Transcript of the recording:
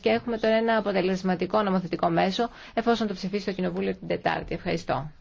και έχουμε τώρα ένα αποτελεσματικό νομοθετικό μέσο εφόσον το ψηφίσει το Κοινοβούλιο την Τετάρτη. Ευχαριστώ.